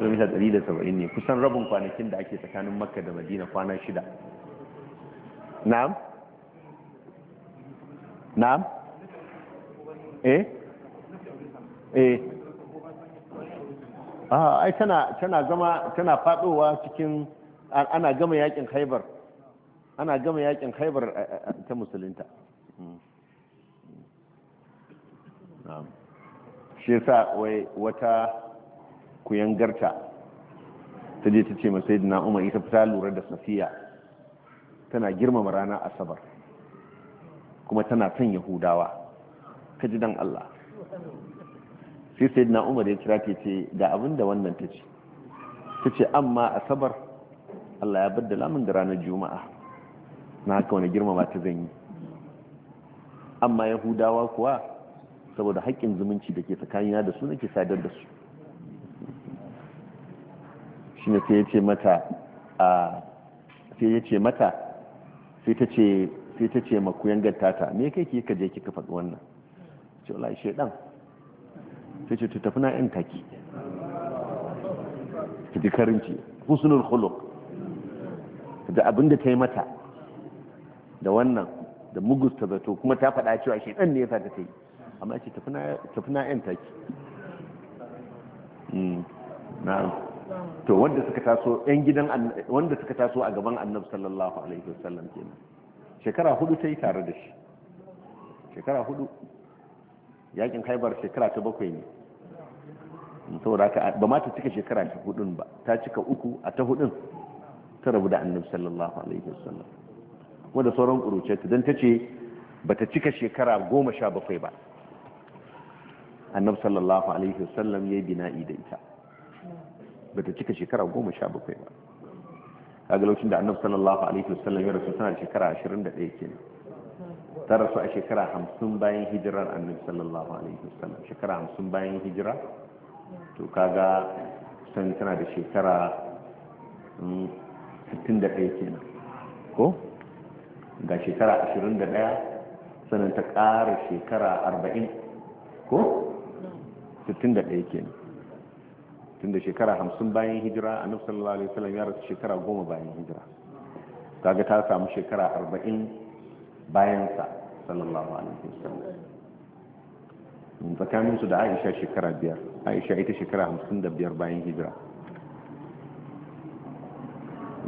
kilomita 170 ne kusan rabin kwanakin da ake tsakanin makka da madina kwana shida na'am na'am eh eh ah ai tana tana zama tana fadowa cikin ana gama yakin haibar ana gama yakin haibar eh, eh, eh, ta musulunta hmm. shi yasa wai wata ku yangarta ta je ta ce masai da na'umar ita ta lura da safiya tana girmama rana asabar kuma tana son yahudawa ta ji dan allah sai sai da na'umar ya kira ke ce ga abin da wannan ta ce ta ce amma asabar allah ya baddala min da ranar juma'a na haka wani girmama ta zan yi amma yahudawa kuwa saboda haƙƙin zumunci da ke tsakanina da su nake sadar da su shine sai ya ce mata a sai ya ce mata sai ta ce sai ta ce ma kuyangar tata me kai ki kaje je kika faɗi wannan ce wallahi shedan sai ce to tafi na yan taki ki karinci husnul khuluq da abinda ta yi mata da wannan da mugus ta zato kuma ta faɗa cewa shi shedan ne ya sa ta yi amma ce tafi na yan taki hmm. na'am to wanda suka taso yan gidan wanda suka taso a gaban annabi sallallahu alaihi wasallam kenan shekara hudu ta yi tare da shi shekara hudu yakin haibar shekara ta bakwai ne to da ka ba ma ta cika shekara ta hudun ba ta cika uku a ta hudun ta rabu da annabi sallallahu alaihi wasallam wanda sauran kuruce ta dan tace ta cika shekara goma sha bakwai ba annabi sallallahu alaihi wasallam yayi bina'i da ita ba ta cika shekara goma sha bakwai ba ga lokacin da annabi sallallahu alaihi wasallam ya rasu tana shekara ashirin da ɗaya kenan ta rasu a shekara hamsin bayan hijirar annabi sallallahu alaihi wasallam shekara hamsin bayan hijira to kaga san tana da shekara hmm, sittin da ɗaya kenan ko ga shekara ashirin da ɗaya sannan ta ƙara shekara arba'in ko sittin da ɗaya kenan tunda shekara hamsin bayan hijira a sallallahu lalai salam ya rasu shekara goma bayan hijira kaga ta samu shekara arba'in bayan sa sallallahu alaihi wasallam tsakanin su da aisha shekara biyar aisha ita shekara hamsin da biyar bayan hijira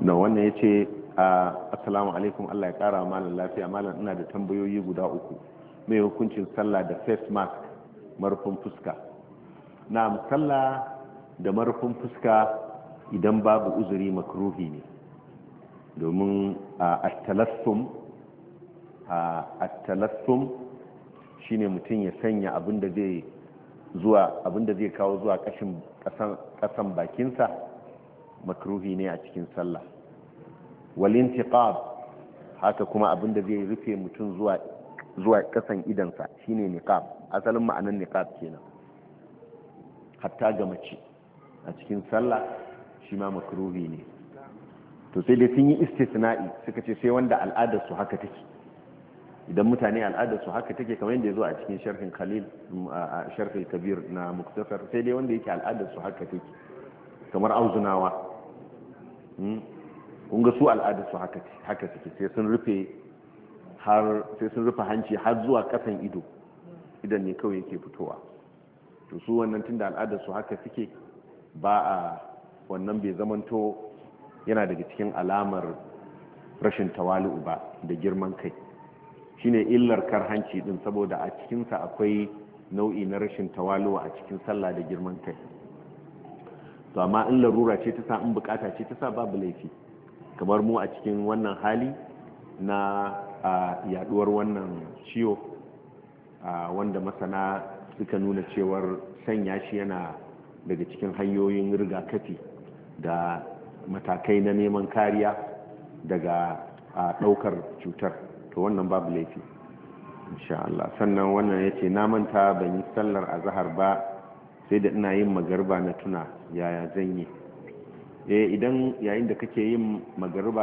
na wannan ya ce a assalamu alaikum allah ya kara malam lafiya malam ina da tambayoyi guda uku mai hukuncin sallah da face mask marufin fuska na sallah da marfin fuska idan babu uzuri makruhi ne domin attalassum attalassum shine mutum ya sanya abinda zai zuwa abinda zai kawo zuwa kashin kasan bakinsa makruhi ne a cikin sallah walintiqab haka kuma abinda zai rufe mutum zuwa zuwa kasan idansa shine niqab asalin ma'anan niqab kenan hatta ga mace a cikin sallah shi ma makruhi ne to sai dai sun yi istisna'i suka ce sai wanda al'adar su haka take idan mutane al'adar su haka take kamar yadda ya zo a cikin sharhin khalil a sharhin kabir na muktasar sai dai wanda yake al'adar su haka take kamar auzunawa hmm? kun ga su al'adar su haka take sai sun rufe har sai sun rufe hanci har zuwa kasan ido idan ne kawai yake fitowa to su wannan tunda al'adar su haka suke ba a wannan bai zamanto yana daga cikin alamar rashin tawali'u ba da girman kai shine illar kar hanci din saboda a cikinsa akwai nau'i na rashin tawali'u a cikin sallah da girman kai to amma in larura ce ta sa in bukata ce ta sa babu laifi kamar mu a cikin wannan hali na yaduwar wannan ciwo wanda masana suka nuna cewar sanya shi yana daga cikin hanyoyin rigakafi da matakai na neman kariya daga a ɗaukar cutar to wannan babu laifi insha Allah sannan wannan ya ce na manta ban yi sallar a ba sai da ina yin magarba na tuna yaya zan yi eh idan yayin da kake yin magarba